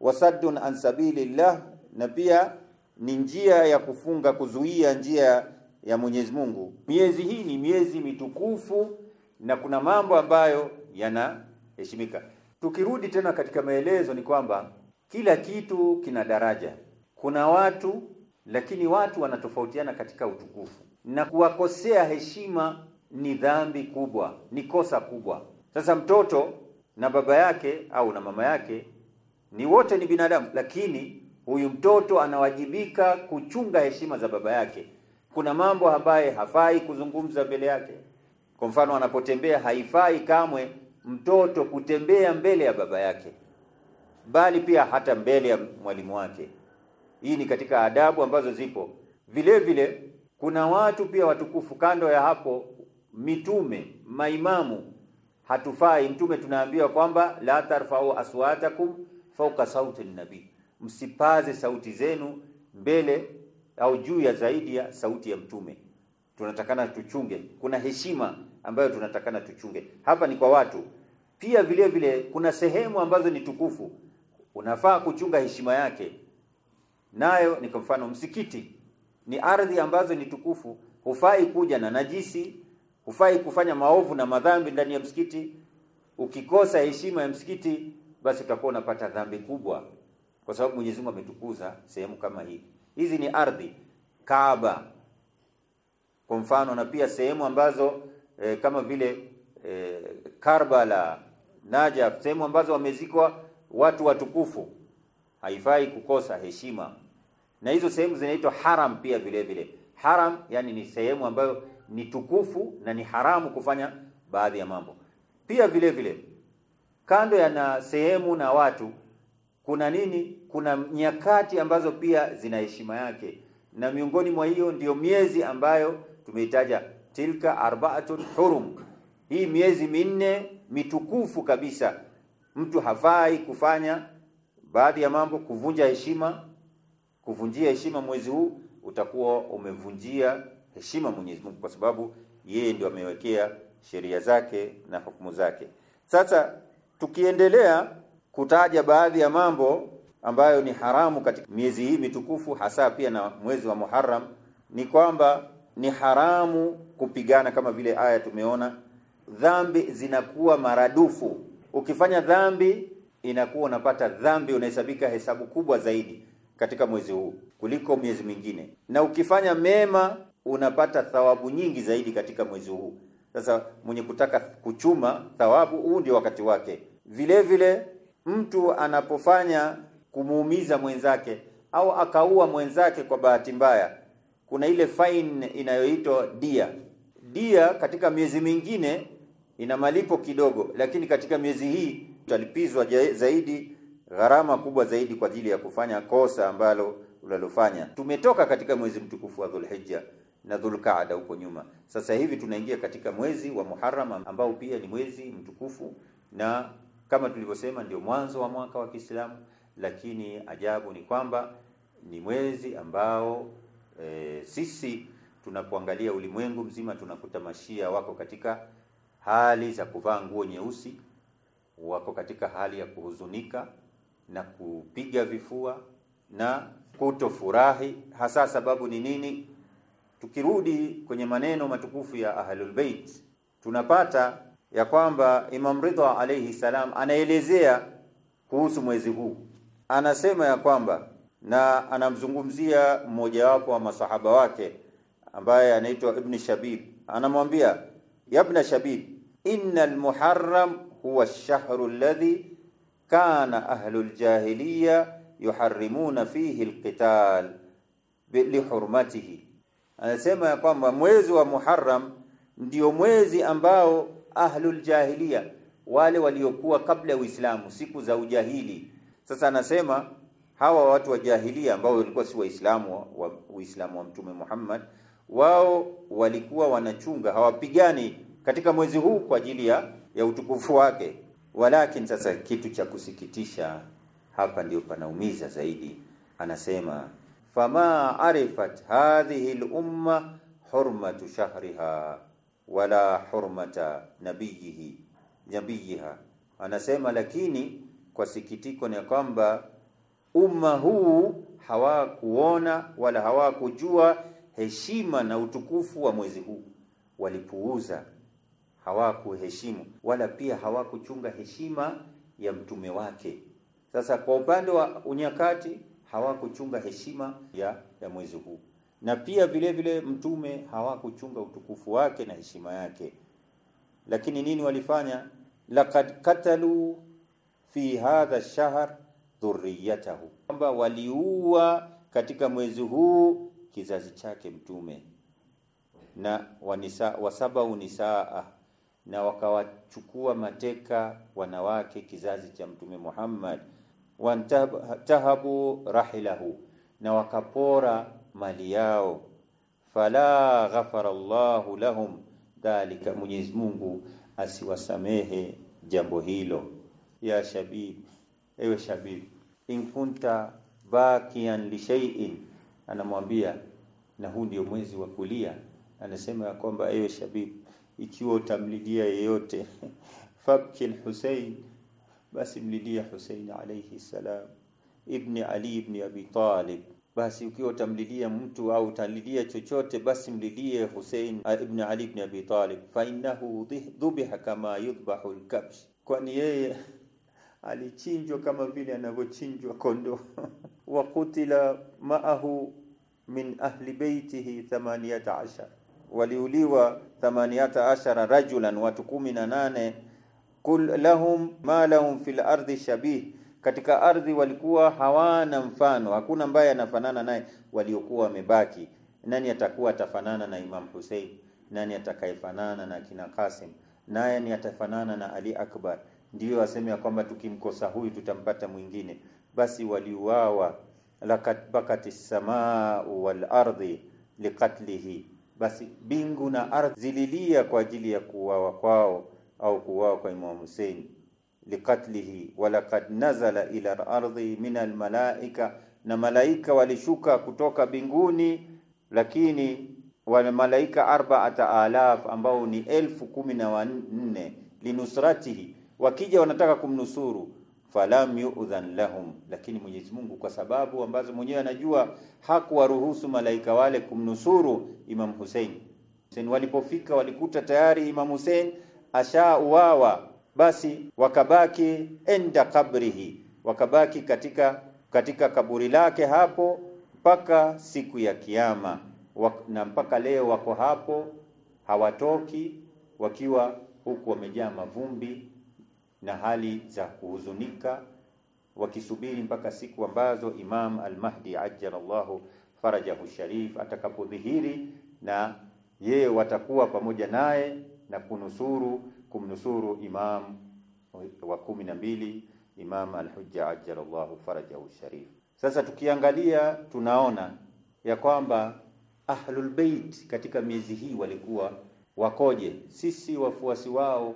Wasaddun an sabilillah, na pia ni njia ya kufunga kuzuia njia ya Mwenyezi Mungu. Miezi hii ni miezi mitukufu na kuna mambo ambayo yanaheshimika. Tukirudi tena katika maelezo, ni kwamba kila kitu kina daraja. Kuna watu lakini watu wanatofautiana katika utukufu, na kuwakosea heshima ni dhambi kubwa, ni kosa kubwa. Sasa mtoto na baba yake au na mama yake ni wote ni binadamu, lakini huyu mtoto anawajibika kuchunga heshima za baba yake. Kuna mambo ambaye hafai kuzungumza mbele yake. Kwa mfano, anapotembea haifai kamwe mtoto kutembea mbele ya baba yake, bali pia hata mbele ya mwalimu wake. Hii ni katika adabu ambazo zipo. Vile vile kuna watu pia watukufu kando ya hapo, mitume, maimamu hatufai. Mtume tunaambiwa kwamba la tarfau aswatakum fawqa sauti nabi msipaze sauti zenu mbele au juu ya zaidi ya sauti ya Mtume. Tunatakana tuchunge, kuna heshima ambayo tunatakana tuchunge. Hapa ni kwa watu pia vile vile, kuna sehemu ambazo ni tukufu, unafaa kuchunga heshima yake, nayo ni kwa mfano msikiti. Ni ardhi ambazo ni tukufu, hufai kuja na najisi hufai kufanya maovu na madhambi ndani ya msikiti. Ukikosa heshima ya msikiti, basi utakuwa unapata dhambi kubwa, kwa sababu Mwenyezi Mungu ametukuza sehemu kama hii. Hizi ni ardhi Kaaba kwa mfano, na pia sehemu ambazo e, kama vile e, Karbala, Najaf, sehemu ambazo wamezikwa watu watukufu, haifai kukosa heshima, na hizo sehemu zinaitwa haram pia vile vile. Haram yani ni sehemu ambayo ni tukufu na ni haramu kufanya baadhi ya mambo. Pia vile vile kando ya na sehemu na watu, kuna nini? Kuna nyakati ambazo pia zina heshima yake, na miongoni mwa hiyo ndiyo miezi ambayo tumeitaja, tilka arba'atun hurum, hii miezi minne mitukufu kabisa. Mtu hafai kufanya baadhi ya mambo, kuvunja heshima, kuvunjia heshima mwezi huu, utakuwa umevunjia heshima Mwenyezi Mungu, kwa sababu yeye ndio amewekea sheria zake na hukumu zake. Sasa tukiendelea kutaja baadhi ya mambo ambayo ni haramu katika miezi hii mitukufu, hasa pia na mwezi wa Muharram, ni kwamba ni haramu kupigana, kama vile aya tumeona, dhambi zinakuwa maradufu. Ukifanya dhambi inakuwa unapata dhambi, unahesabika hesabu kubwa zaidi katika mwezi huu kuliko miezi mingine, na ukifanya mema unapata thawabu nyingi zaidi katika mwezi huu. Sasa mwenye kutaka kuchuma thawabu, huu ndio wakati wake. Vile vile mtu anapofanya kumuumiza mwenzake au akaua mwenzake kwa bahati mbaya, kuna ile fine inayoitwa dia. Dia katika miezi mingine ina malipo kidogo, lakini katika miezi hii utalipizwa zaidi, gharama kubwa zaidi kwa ajili ya kufanya kosa ambalo ulalofanya. Tumetoka katika mwezi mtukufu wa Dhulhijja na Dhulqaada huko nyuma. Sasa hivi tunaingia katika mwezi wa Muharram ambao pia ni mwezi mtukufu, na kama tulivyosema ndio mwanzo wa mwaka wa Kiislamu, lakini ajabu ni kwamba ni mwezi ambao e, sisi tunapoangalia ulimwengu mzima tunakuta mashia wako katika hali za kuvaa nguo nyeusi, wako katika hali ya kuhuzunika na kupiga vifua na kutofurahi. Hasa sababu ni nini? Tukirudi kwenye maneno matukufu ya Ahlul Bait tunapata ya kwamba Imam Ridha alayhi salam anaelezea kuhusu mwezi huu, anasema ya kwamba na anamzungumzia mmojawapo wa masahaba wake ambaye anaitwa Ibn Shabib, anamwambia yabna Shabib, innal muharram huwa ash-shahru alladhi kana ahlul jahiliya yuharrimuna fihi alqital lihurmatihi anasema ya kwamba mwezi wa Muharram ndio mwezi ambao ahlul jahiliya wale waliokuwa kabla ya Uislamu siku za ujahili. Sasa anasema hawa watu wa jahilia ambao walikuwa si Waislamu wa Uislamu wa Mtume Muhammad, wao walikuwa wanachunga, hawapigani katika mwezi huu kwa ajili ya ya utukufu wake. Walakin, sasa kitu cha kusikitisha hapa ndio panaumiza zaidi, anasema fama arifat hadhihi lumma hurmatu shahriha wala hurmata nabiyihi nabiyiha. Anasema lakini kwa sikitiko ni kwamba umma huu hawakuona wala hawakujua heshima na utukufu wa mwezi huu, walipuuza, hawakuheshimu wala pia hawakuchunga heshima ya mtume wake. Sasa kwa upande wa unyakati hawakuchunga heshima ya, ya mwezi huu, na pia vile vile mtume hawakuchunga utukufu wake na heshima yake. Lakini nini walifanya? Laqad katalu fi hadha shahr dhurriyatahu, kwamba waliua katika mwezi huu kizazi chake mtume na wanisa, wasabau nisaa na wakawachukua mateka wanawake kizazi cha mtume Muhammad wantahabu rahilahu, na wakapora mali yao. Fala ghafara Allahu lahum dhalika, Mwenyezi Mungu asiwasamehe jambo hilo. Ya shabib, ewe shabib, in kunta bakian li shay'in, anamwambia na huu ndio mwezi wa kulia, anasema ya kwamba ewe shabib, ikiwa utamlilia yeyote fabkin Hussein basi mlilia Husein alayhi salam, ibn Ali ibn Abi Talib. Basi ukiwa utamlilia mtu au utalilia chochote, basi mlilie Hussein ah, ibn Ali ibn Abi Talib, fa innahu dhubiha kama yudbahu al-kabsh, kwani yeye alichinjwa kama vile anavyochinjwa kondoo wa kutila maahu min ahli beitihi 18 waliuliwa 18 rajulan, watu kumi na nane kul lahum ma lahum fil ardi shabih, katika ardhi walikuwa hawana mfano, hakuna ambaye anafanana naye waliokuwa wamebaki. Nani atakuwa atafanana na Imam Hussein? Nani atakayefanana na kina Qasim? Naye ni atafanana na Ali Akbar? ndio aseme ya kwamba tukimkosa huyu tutampata mwingine. Basi waliuawa, lakat bakati samaa wal ardi liqatlihi, basi bingu na ardhi zililia kwa ajili ya kuuawa kwao au kuuawa kwa Imam Hussein likatlihi walakad nazala ila al-ardhi min almalaika, na malaika walishuka kutoka binguni, lakini wale malaika arbaata alaf ambao ni elfu kumi na wanne linusratihi, wakija wanataka kumnusuru falam yu'dhan lahum, lakini Mwenyezi Mungu kwa sababu ambazo mwenyewe anajua hakuwaruhusu malaika wale kumnusuru Imam Hussein. Hussein walipofika walikuta tayari Imam Hussein ashauawa, basi wakabaki enda kabrihi, wakabaki katika katika kaburi lake hapo mpaka siku ya Kiyama, na mpaka leo wako hapo hawatoki, wakiwa huku wamejaa mavumbi na hali za kuhuzunika, wakisubiri mpaka siku ambazo Imam Al-Mahdi ajjalallahu farajahu sharif atakapodhihiri, na yeye watakuwa pamoja naye na kunusuru kumnusuru imam wa kumi na mbili Imam Alhujja ajalallahu farajahu sharif. Sasa tukiangalia tunaona ya kwamba Ahlul Bait katika miezi hii walikuwa wakoje. Sisi wafuasi wao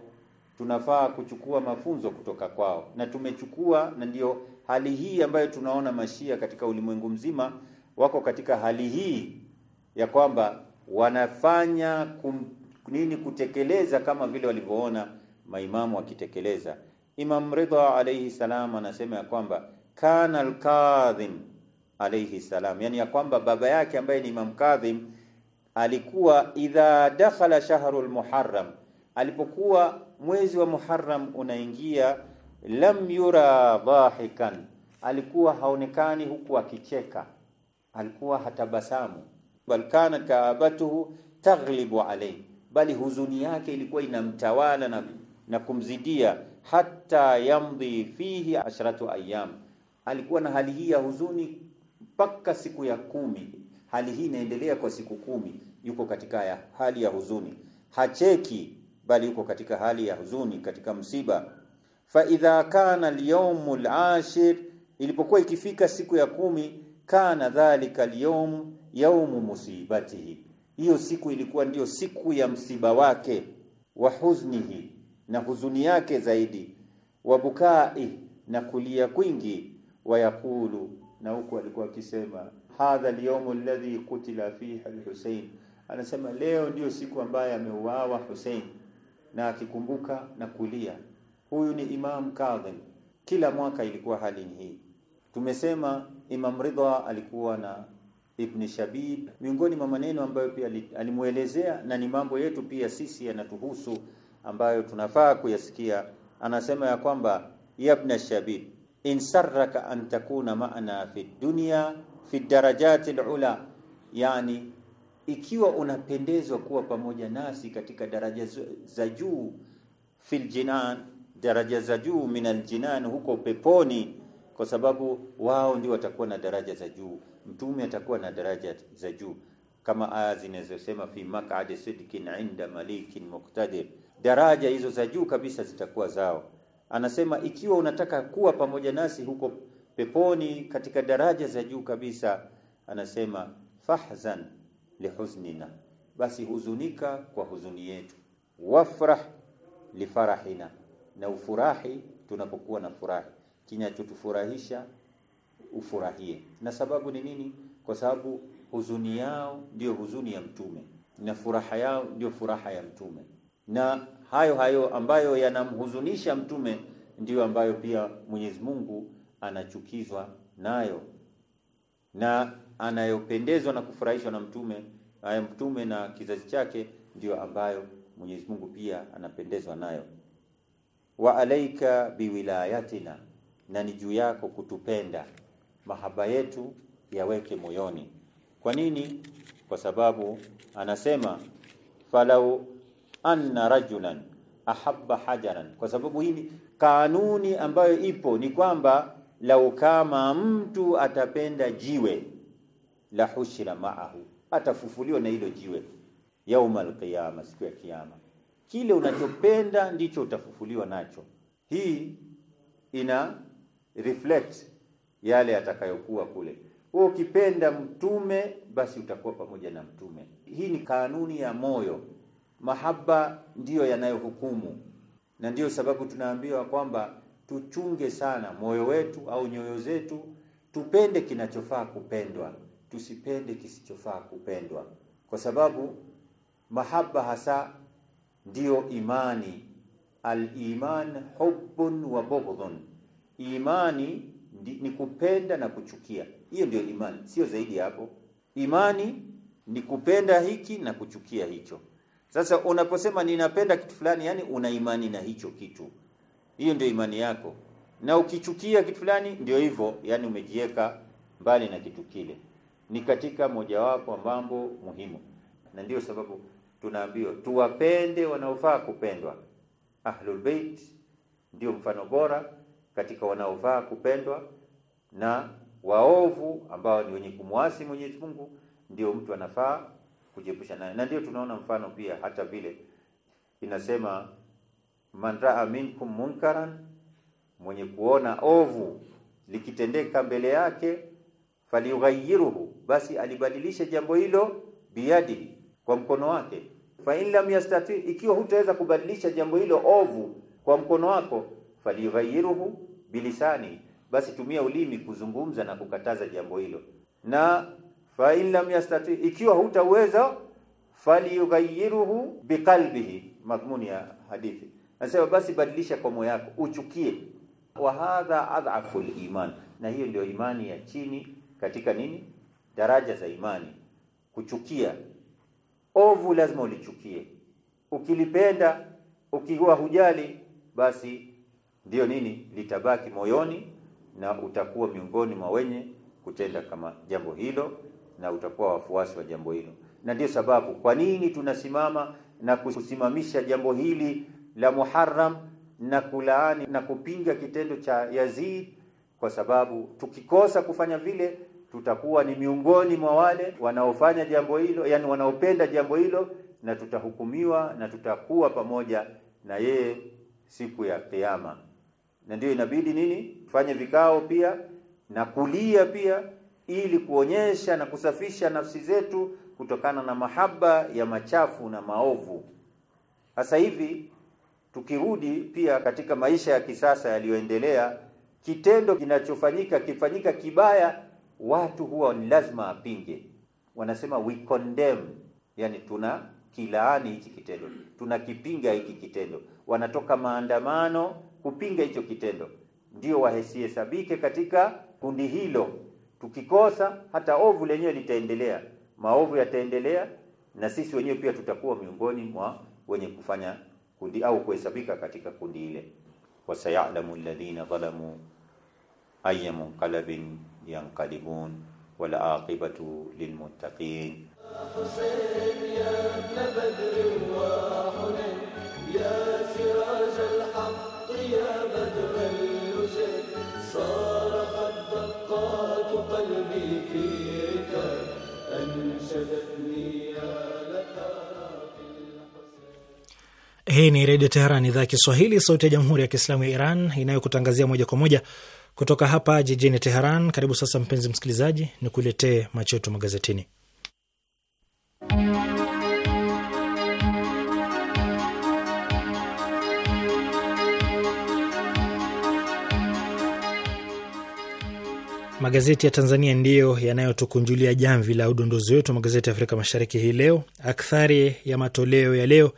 tunafaa kuchukua mafunzo kutoka kwao, na tumechukua, na ndio hali hii ambayo tunaona Mashia katika ulimwengu mzima wako katika hali hii ya kwamba wanafanya kum nini kutekeleza kama vile walivyoona maimamu wakitekeleza. Imam Ridha alayhi salam anasema ya kwamba kana al-Kadhim alayhi salam, yani ya kwamba baba yake ambaye ni Imam Kadhim alikuwa idha dakhala shahrul muharram, alipokuwa mwezi wa Muharram unaingia, lam yura dhahikan, alikuwa haonekani huku akicheka, alikuwa hatabasamu, bal kana kaabatuhu taghlibu alayhi bali huzuni yake ilikuwa inamtawala na, na kumzidia hata yamdhi fihi ashratu ayyam, alikuwa na hali hii ya huzuni mpaka siku ya kumi. Hali hii inaendelea kwa siku kumi, yuko katika ya hali ya huzuni, hacheki bali yuko katika hali ya huzuni, katika msiba. Fa idha kana al al ashir, ilipokuwa ikifika siku ya kumi, kana dhalika al-yawm yawmu musibatihi hiyo siku ilikuwa ndiyo siku ya msiba wake wa huznihi, na huzuni yake zaidi, wa bukai, na kulia kwingi, wayakulu na huku alikuwa akisema hadha alyawmu alladhi kutila fiha alhusain, anasema leo ndiyo siku ambayo ameuawa Hussein, na akikumbuka na kulia. Huyu ni Imam Kadhim. Kila mwaka ilikuwa hali hii. Tumesema Imam Ridha alikuwa na Ibn Shabib, miongoni mwa maneno ambayo pia alimuelezea, na ni mambo yetu pia sisi yanatuhusu, ambayo tunafaa kuyasikia. Anasema ya kwamba yabna shabib in sarraka an takuna maana fi dunya fi darajati alula, yani ikiwa unapendezwa kuwa pamoja nasi katika daraja za juu fil jinan, daraja za juu min aljinan, huko peponi, kwa sababu wao ndio watakuwa na daraja za juu mtume atakuwa na daraja za juu kama aya zinazosema fi maq'adi sidqin inda malikin muqtadir. Daraja hizo za juu kabisa zitakuwa zao. Anasema ikiwa unataka kuwa pamoja nasi huko peponi katika daraja za juu kabisa, anasema fahzan lihuznina, basi huzunika kwa huzuni yetu, wafrah lifarahina, na ufurahi tunapokuwa na furahi, kinachotufurahisha ufurahie. Na sababu ni nini? Kwa sababu huzuni yao ndiyo huzuni ya mtume na furaha yao ndiyo furaha ya mtume, na hayo hayo ambayo yanamhuzunisha mtume ndiyo ambayo pia Mwenyezi Mungu anachukizwa nayo na anayopendezwa na kufurahishwa na mtume haya eh, mtume na kizazi chake ndiyo ambayo Mwenyezi Mungu pia anapendezwa nayo. wa alaika biwilayatina, na ni juu yako kutupenda mahaba yetu yaweke moyoni. Kwa nini? Kwa sababu anasema falau anna rajulan ahabba hajaran, kwa sababu hili kanuni ambayo ipo ni kwamba lau kama mtu atapenda jiwe la hushira maahu, atafufuliwa na hilo jiwe yaumal qiyama, siku ya kiyama. Kile unachopenda ndicho utafufuliwa nacho. Hii ina reflect yale yatakayokuwa kule. Wewe ukipenda mtume basi utakuwa pamoja na mtume. Hii ni kanuni ya moyo. Mahaba ndiyo yanayohukumu, na ndiyo sababu tunaambiwa kwamba tuchunge sana moyo wetu au nyoyo zetu, tupende kinachofaa kupendwa, tusipende kisichofaa kupendwa, kwa sababu mahaba hasa ndiyo imani. Al-iman hubbun wa bughdun, imani ndi, ni kupenda na kuchukia. Hiyo ndio imani, sio zaidi hapo. Imani ni kupenda hiki na kuchukia hicho. Sasa unaposema ninapenda kitu fulani, yani una imani na hicho kitu, hiyo ndio imani yako. Na ukichukia kitu fulani, ndio hivyo, yani umejiweka mbali na kitu kile. Ni katika mojawapo mambo muhimu, na ndio sababu tunaambiwa tuwapende wanaofaa kupendwa. Ahlul Bait ndio mfano bora katika wanaovaa kupendwa na waovu ambao ni wenye kumwasi Mwenyezi Mungu, ndio mtu anafaa kujiepusha naye. Na ndio tunaona mfano pia hata vile inasema man raa minkum munkaran, mwenye kuona ovu likitendeka mbele yake falyughayyiruhu, basi alibadilishe jambo hilo biyadihi, kwa mkono wake. Fa in lam yastati, ikiwa hutaweza kubadilisha jambo hilo ovu kwa mkono wako falighayiruhu bilisani, basi tumia ulimi kuzungumza na kukataza jambo hilo. Na fa in lam yastati, ikiwa hutaweza, falighayiruhu biqalbihi, madhmuni ya hadithi nasema, basi badilisha kwa moyo wako, uchukie. Wa hadha adhafu liman, na hiyo ndio imani ya chini katika nini, daraja za imani. Kuchukia ovu lazima ulichukie, ukilipenda ukiwa hujali basi ndio nini litabaki moyoni na utakuwa miongoni mwa wenye kutenda kama jambo hilo na utakuwa wafuasi wa jambo hilo. Na ndio sababu kwa nini tunasimama na kusimamisha jambo hili la Muharram na kulaani na kupinga kitendo cha Yazid, kwa sababu tukikosa kufanya vile tutakuwa ni miongoni mwa wale wanaofanya jambo hilo, yani wanaopenda jambo hilo, na tutahukumiwa na tutakuwa pamoja na yeye siku ya Kiyama na ndio inabidi nini tufanye vikao pia na kulia pia ili kuonyesha na kusafisha nafsi zetu kutokana na mahaba ya machafu na maovu. Sasa hivi tukirudi pia katika maisha ya kisasa yaliyoendelea, kitendo kinachofanyika kifanyika kibaya, watu huwa ni lazima apinge, wanasema we condemn, yani tuna kilaani hiki kitendo, tunakipinga hiki kitendo, wanatoka maandamano kupinga hicho kitendo, ndio wasihesabike katika kundi hilo. Tukikosa hata ovu lenyewe litaendelea, maovu yataendelea, na sisi wenyewe pia tutakuwa miongoni mwa wenye kufanya kundi au kuhesabika katika kundi ile. wasayalamu alladhina zalamu ayya munqalabin yanqalibun wala aqibatu lilmuttaqin. Hii ni Redio Teheran, idhaa ya Kiswahili, sauti ya Jamhuri ya Kiislamu ya Iran inayokutangazia moja kwa moja kutoka hapa jijini Teheran. Karibu sasa, mpenzi msikilizaji, ni kuletee macho yetu magazetini. Magazeti ya Tanzania ndiyo yanayotukunjulia jamvi la udondozi wetu wa magazeti ya Afrika Mashariki hii leo. Akthari ya matoleo ya leo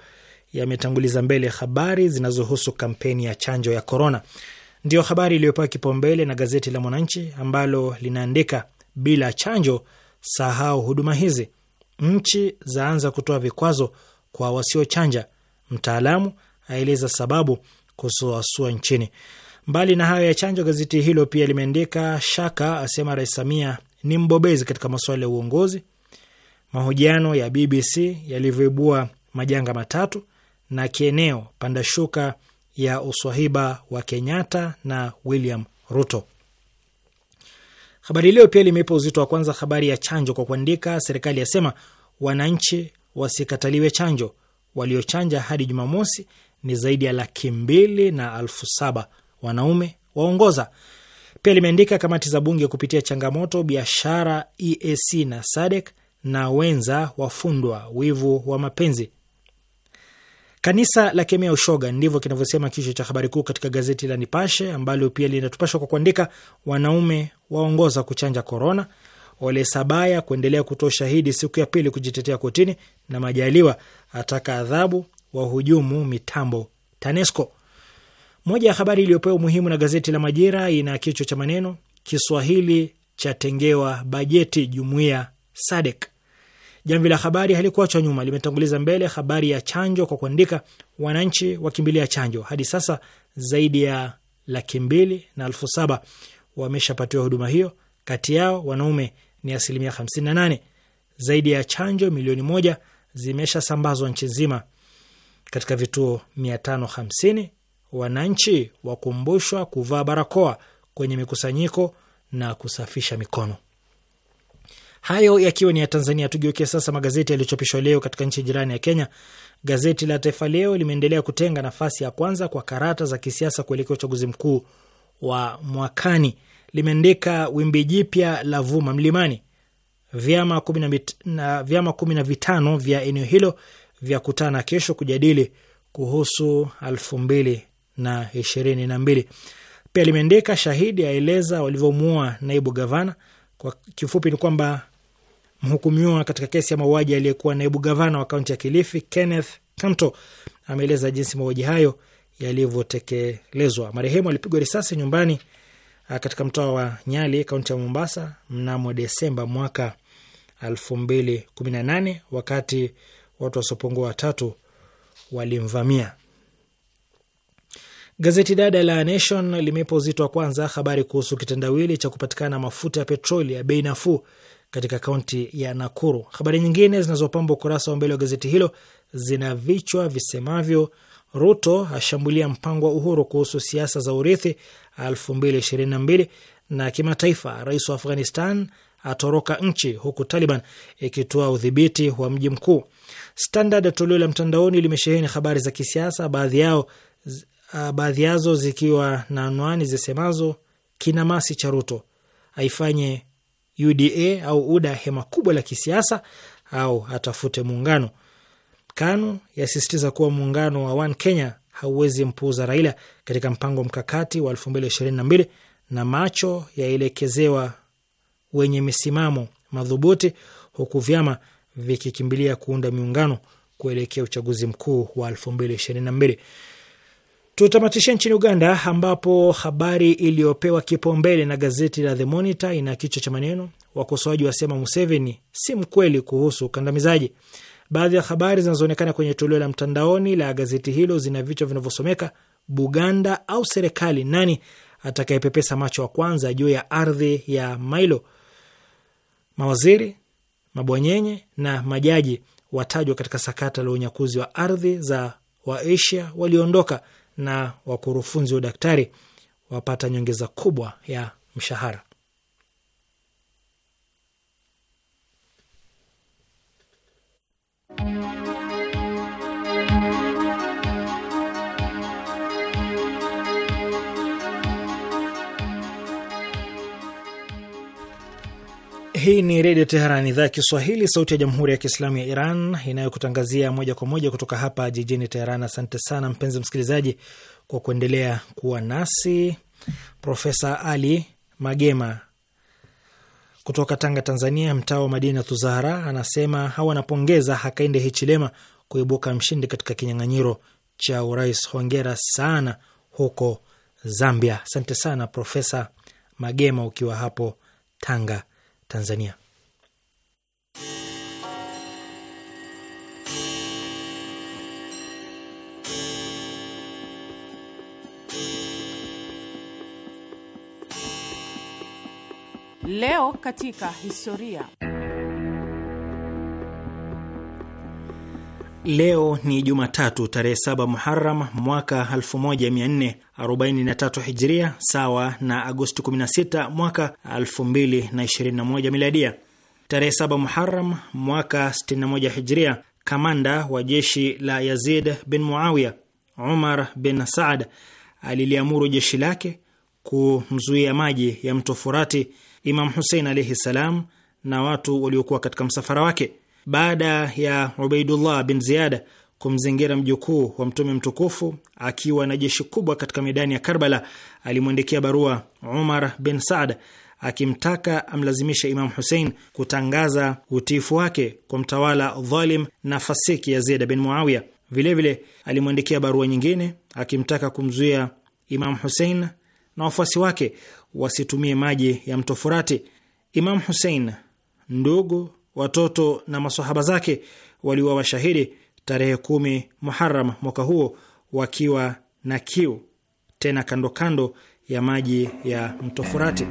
yametanguliza mbele habari zinazohusu kampeni ya chanjo ya korona. Ndiyo habari iliyopewa kipaumbele na gazeti la Mwananchi ambalo linaandika bila chanjo sahau huduma hizi, nchi zaanza kutoa vikwazo kwa wasiochanja, mtaalamu aeleza sababu kusuasua nchini. Mbali na hayo ya chanjo, gazeti hilo pia limeandika shaka asema Rais Samia ni mbobezi katika masuala ya uongozi, mahojiano ya BBC yalivyoibua majanga matatu na kieneo pandashuka ya uswahiba wa Kenyatta na William Ruto. Habari Leo pia limeipa uzito wa kwanza habari ya chanjo kwa kuandika, serikali yasema wananchi wasikataliwe chanjo. Waliochanja hadi Jumamosi ni zaidi ya laki mbili na alfu saba wanaume waongoza. Pia limeandika kamati za bunge kupitia changamoto biashara EAC na SADC na wenza wafundwa wivu wa mapenzi. Kanisa la kemea ushoga, ndivyo kinavyosema kichwa cha habari kuu katika gazeti la Nipashe, ambalo pia linatupashwa kwa kuandika, wanaume waongoza kuchanja korona, Ole Sabaya kuendelea kutoa ushahidi siku ya pili kujitetea kotini, na Majaliwa ataka adhabu wahujumu mitambo TANESCO. Moja ya habari iliyopewa umuhimu na gazeti la Majira ina kichwa cha maneno Kiswahili chatengewa bajeti jumuiya SADC. Jamvi la Habari halikuachwa nyuma, limetanguliza mbele habari ya chanjo kwa kuandika, wananchi wakimbilia chanjo. Hadi sasa zaidi ya laki mbili na elfu saba wameshapatiwa huduma hiyo, kati yao wanaume ni asilimia 58. Zaidi ya chanjo milioni moja zimeshasambazwa nchi nzima katika vituo 550. Wananchi wakumbushwa kuvaa barakoa kwenye mikusanyiko na kusafisha mikono. Hayo yakiwa ni ya Tanzania. Tugeukie sasa magazeti yaliyochapishwa leo katika nchi jirani ya Kenya. Gazeti la Taifa Leo limeendelea kutenga nafasi ya kwanza kwa karata za kisiasa kuelekea uchaguzi mkuu wa mwakani. Limeandika wimbi jipya la vuma mlimani, vyama kumi na, na, vyama kumi na vitano vya eneo hilo vya kutana kesho kujadili kuhusu elfu mbili na ishirini na mbili. Pia limeandika shahidi aeleza walivyomuua naibu gavana. Kwa kifupi ni kwamba Mhukumiwa katika kesi ya mauaji aliyekuwa naibu gavana wa kaunti ya Kilifi, Kenneth Kamto, ameeleza jinsi mauaji hayo yalivyotekelezwa. Marehemu alipigwa risasi nyumbani uh, katika mtaa wa Nyali, kaunti ya Mombasa mnamo Desemba mwaka elfu mbili kumi na nane wakati watu wasiopungua watatu walimvamia. Gazeti dada la Nation limeipa uzito wa kwanza habari kuhusu kitendawili cha kupatikana mafuta ya petroli ya bei nafuu katika kaunti ya Nakuru. Habari nyingine zinazopamba ukurasa wa mbele wa gazeti hilo zina vichwa visemavyo: Ruto ashambulia mpango wa Uhuru kuhusu siasa za urithi 2022 na kimataifa, rais wa Afghanistan atoroka nchi huku Taliban ikitoa udhibiti wa mji mkuu. Standard toleo la mtandaoni limesheheni habari za kisiasa, baadhi yao uh, baadhi yazo zikiwa na anwani zisemazo kinamasi cha Ruto aifanye UDA au UDA hema kubwa la kisiasa au atafute muungano. KANU yasisitiza kuwa muungano wa One Kenya hauwezi mpuuza Raila katika mpango mkakati wa 2022 na macho yaelekezewa wenye misimamo madhubuti, huku vyama vikikimbilia kuunda miungano kuelekea uchaguzi mkuu wa 2022. Tutamatishe nchini Uganda, ambapo habari iliyopewa kipaumbele na gazeti la The Monitor ina kichwa cha maneno wakosoaji wasema Museveni si mkweli kuhusu ukandamizaji. Baadhi ya habari zinazoonekana kwenye toleo la mtandaoni la gazeti hilo zina vichwa vinavyosomeka Buganda au serikali, nani atakayepepesa macho wa kwanza juu ya ardhi ya mailo mawaziri mabwanyenye na majaji watajwa katika sakata la unyakuzi wa ardhi za Waasia walioondoka na wakurufunzi wa udaktari wapata nyongeza kubwa ya mshahara. Hii ni Redio Teheran, idhaa ya Kiswahili, sauti ya Jamhuri ya Kiislamu ya Iran, inayokutangazia moja kwa moja kutoka hapa jijini Teheran. Asante sana mpenzi msikilizaji kwa kuendelea kuwa nasi. Profesa Ali Magema kutoka Tanga, Tanzania, mtaa wa Madina Zahra, anasema hawa anapongeza Hakainde Hichilema kuibuka mshindi katika kinyang'anyiro cha urais. Hongera sana huko Zambia. Asante sana Profesa Magema ukiwa hapo Tanga, Tanzania. Leo katika historia. Leo ni Jumatatu tarehe 7 muharam mwaka 43 hijria sawa na Agosti 16 mwaka 2021 miladia. Tarehe 7 Muharam mwaka 61 hijria, kamanda wa jeshi la Yazid bin Muawiya Umar bin Saad aliliamuru jeshi lake kumzuia maji ya mto Furati Imam Husein alaihi ssalam na watu waliokuwa katika msafara wake baada ya Ubaidullah bin Ziyada kumzingira mjukuu wa mtume mtukufu akiwa na jeshi kubwa katika medani ya Karbala, alimwandikia barua Umar bin Saad akimtaka amlazimishe Imam Husein kutangaza utiifu wake kwa mtawala dhalim na fasiki Yazid bin Muawiya. Vilevile alimwandikia barua nyingine akimtaka kumzuia Imam Husein na wafuasi wake wasitumie maji ya mto Furati. Imam Husein, ndugu, watoto na masahaba zake waliuawa shahidi tarehe kumi Muharam mwaka huo wakiwa na kiu tena, kando kando ya maji ya mto Furati.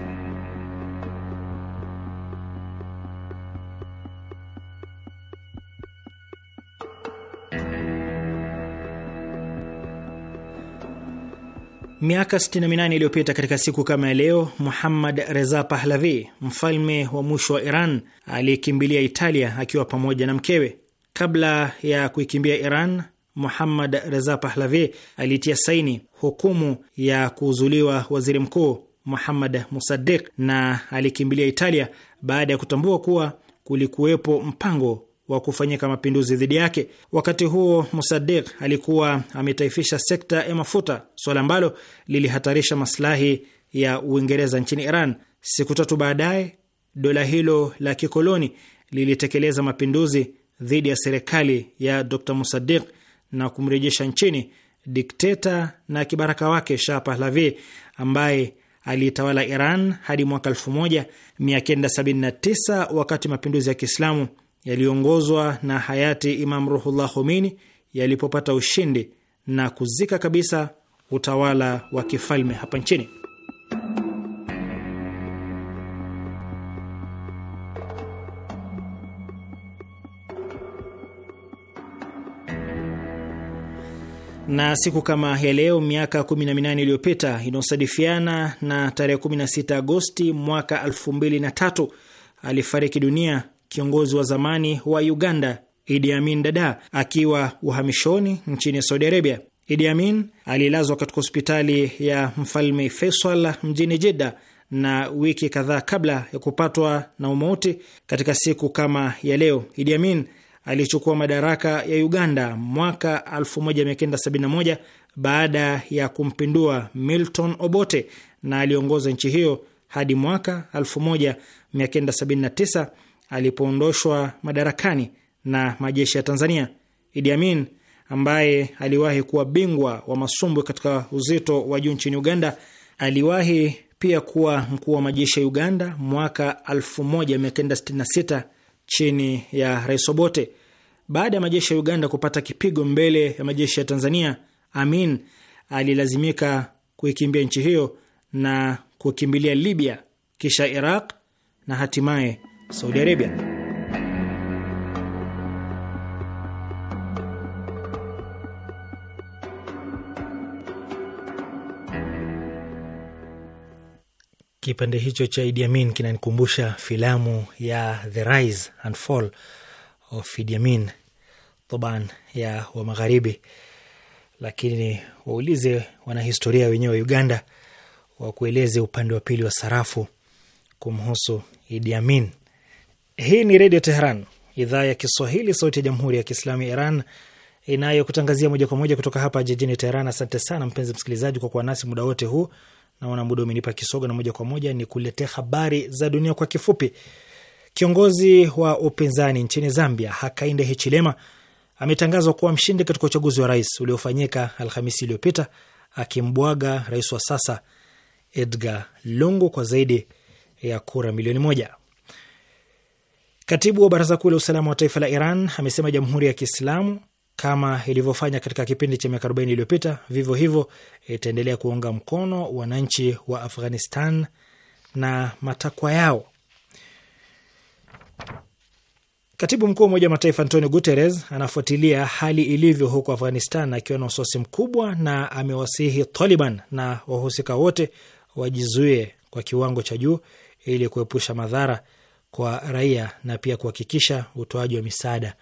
Miaka 68 iliyopita katika siku kama ya leo, Muhammad Reza Pahlavi, mfalme wa mwisho wa Iran aliyekimbilia Italia akiwa pamoja na mkewe, Kabla ya kuikimbia Iran, Muhammad Reza Pahlavi alitia saini hukumu ya kuuzuliwa waziri mkuu Muhammad Musaddiq na alikimbilia Italia baada ya kutambua kuwa kulikuwepo mpango wa kufanyika mapinduzi dhidi yake. Wakati huo Musaddiq alikuwa ametaifisha sekta ya mafuta, swala ambalo lilihatarisha maslahi ya Uingereza nchini Iran. Siku tatu baadaye, dola hilo la kikoloni lilitekeleza mapinduzi dhidi ya serikali ya Dr Musadik na kumrejesha nchini dikteta na kibaraka wake Shah Pahlavi ambaye aliitawala Iran hadi mwaka 1979 wakati mapinduzi ya Kiislamu yaliyoongozwa na hayati Imam Ruhullah Khomeini yalipopata ushindi na kuzika kabisa utawala wa kifalme hapa nchini. na siku kama ya leo miaka 18 iliyopita inayosadifiana na tarehe 16 Agosti mwaka 2003 alifariki dunia kiongozi wa zamani wa Uganda Idi Amin Dada akiwa uhamishoni nchini Saudi Arabia. Idi Amin alilazwa katika hospitali ya Mfalme Faisal mjini Jeddah na wiki kadhaa kabla ya kupatwa na umauti katika siku kama ya leo Idi Amin aliyechukua madaraka ya Uganda mwaka 1971 baada ya kumpindua Milton Obote na aliongoza nchi hiyo hadi mwaka 1979 alipoondoshwa madarakani na majeshi ya Tanzania. Idi Amin ambaye aliwahi kuwa bingwa wa masumbwi katika uzito wa juu nchini Uganda, aliwahi pia kuwa mkuu wa majeshi ya Uganda mwaka 1966 chini ya Rais Obote. Baada ya majeshi ya Uganda kupata kipigo mbele ya majeshi ya Tanzania, Amin alilazimika kuikimbia nchi hiyo na kukimbilia Libya, kisha Iraq na hatimaye Saudi Arabia. Kipande hicho cha Idi Amin kinanikumbusha filamu ya The Rise and Fall of Idi Amin Taban ya wa Magharibi, lakini waulize wanahistoria wenyewe wa Uganda wakueleze upande wa pili wa sarafu kumhusu Idi Amin. Hii ni Redio Teheran, idhaa ya Kiswahili, sauti ya Jamhuri ya Kiislamu ya Iran inayokutangazia moja kwa moja kutoka hapa jijini Teheran. Asante sana mpenzi msikilizaji kwa kuwa nasi muda wote huu Naona muda umenipa kisogo, na moja kwa moja ni kuletea habari za dunia kwa kifupi. Kiongozi wa upinzani nchini Zambia Hakainde Hichilema ametangazwa kuwa mshindi katika uchaguzi wa rais uliofanyika Alhamisi iliyopita akimbwaga rais wa sasa Edgar Lungu kwa zaidi ya kura milioni moja. Katibu wa baraza kuu la usalama wa taifa la Iran amesema jamhuri ya Kiislamu kama ilivyofanya katika kipindi cha miaka 40 iliyopita. Vivyo hivyo itaendelea kuunga mkono wananchi wa Afghanistan na matakwa yao. Katibu mkuu wa Umoja wa Mataifa Antonio Guterres anafuatilia hali ilivyo huko Afghanistan akiwa na wasiwasi mkubwa, na amewasihi Taliban na wahusika wote wajizuie kwa kiwango cha juu ili kuepusha madhara kwa raia na pia kuhakikisha utoaji wa misaada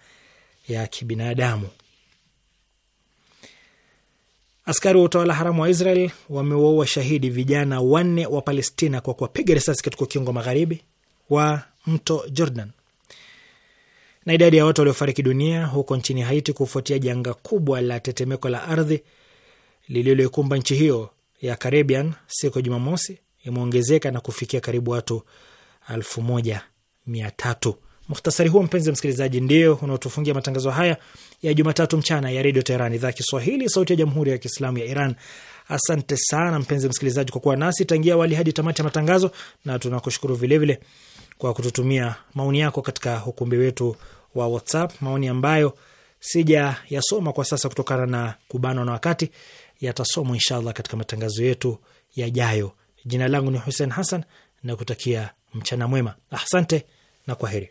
ya kibinadamu. Askari wa utawala haramu wa Israel wamewaua shahidi vijana wanne wa Palestina kwa kuwapiga risasi katika ukingo magharibi wa mto Jordan. Na idadi ya watu waliofariki dunia huko nchini Haiti kufuatia janga kubwa la tetemeko la ardhi lililoikumba nchi hiyo ya Caribbean siku ya Jumamosi imeongezeka na kufikia karibu watu elfu moja mia tatu. Muhtasari huo mpenzi msikilizaji, ndio unaotufungia matangazo haya ya Jumatatu mchana ya Redio Teheran, idhaa Kiswahili, sauti ya Jamhuri ya Kiislamu ya Iran. Asante sana mpenzi msikilizaji kwa kuwa nasi tangia awali hadi tamati ya matangazo, na tunakushukuru vilevile kwa kututumia maoni yako katika ukumbi wetu wa WhatsApp, maoni ambayo sija yasoma kwa sasa kutokana na kubanwa na wakati, yatasomwa inshallah katika matangazo yetu yajayo. Jina langu ni Hussein Hassan na kutakia mchana mwema. Asante na kwaheri.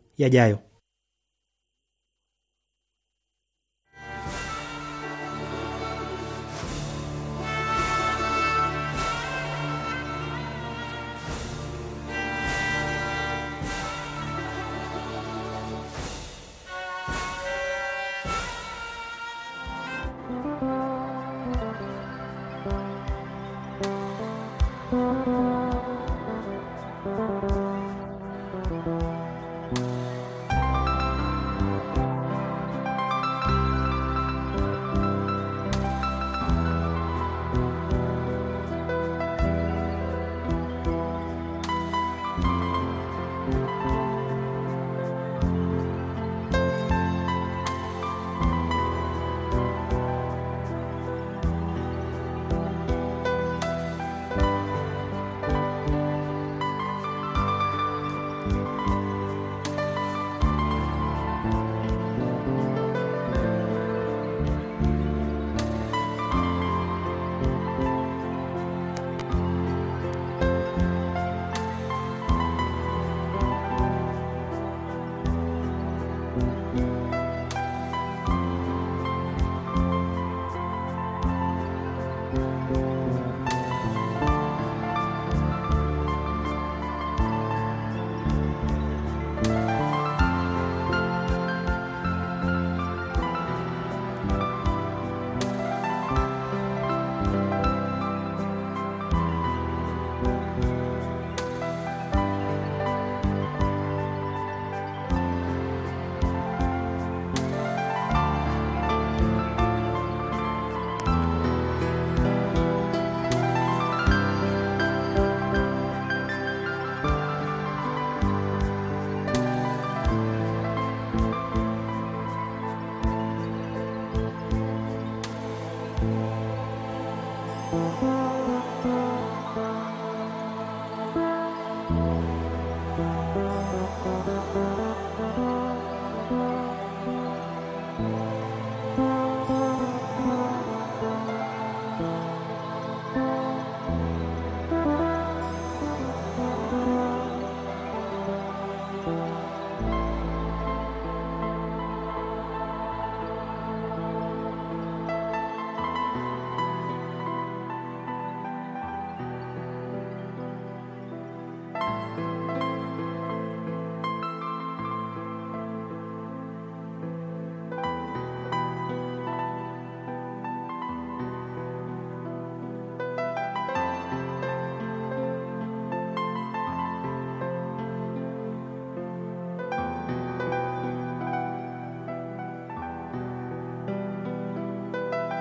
yajayo.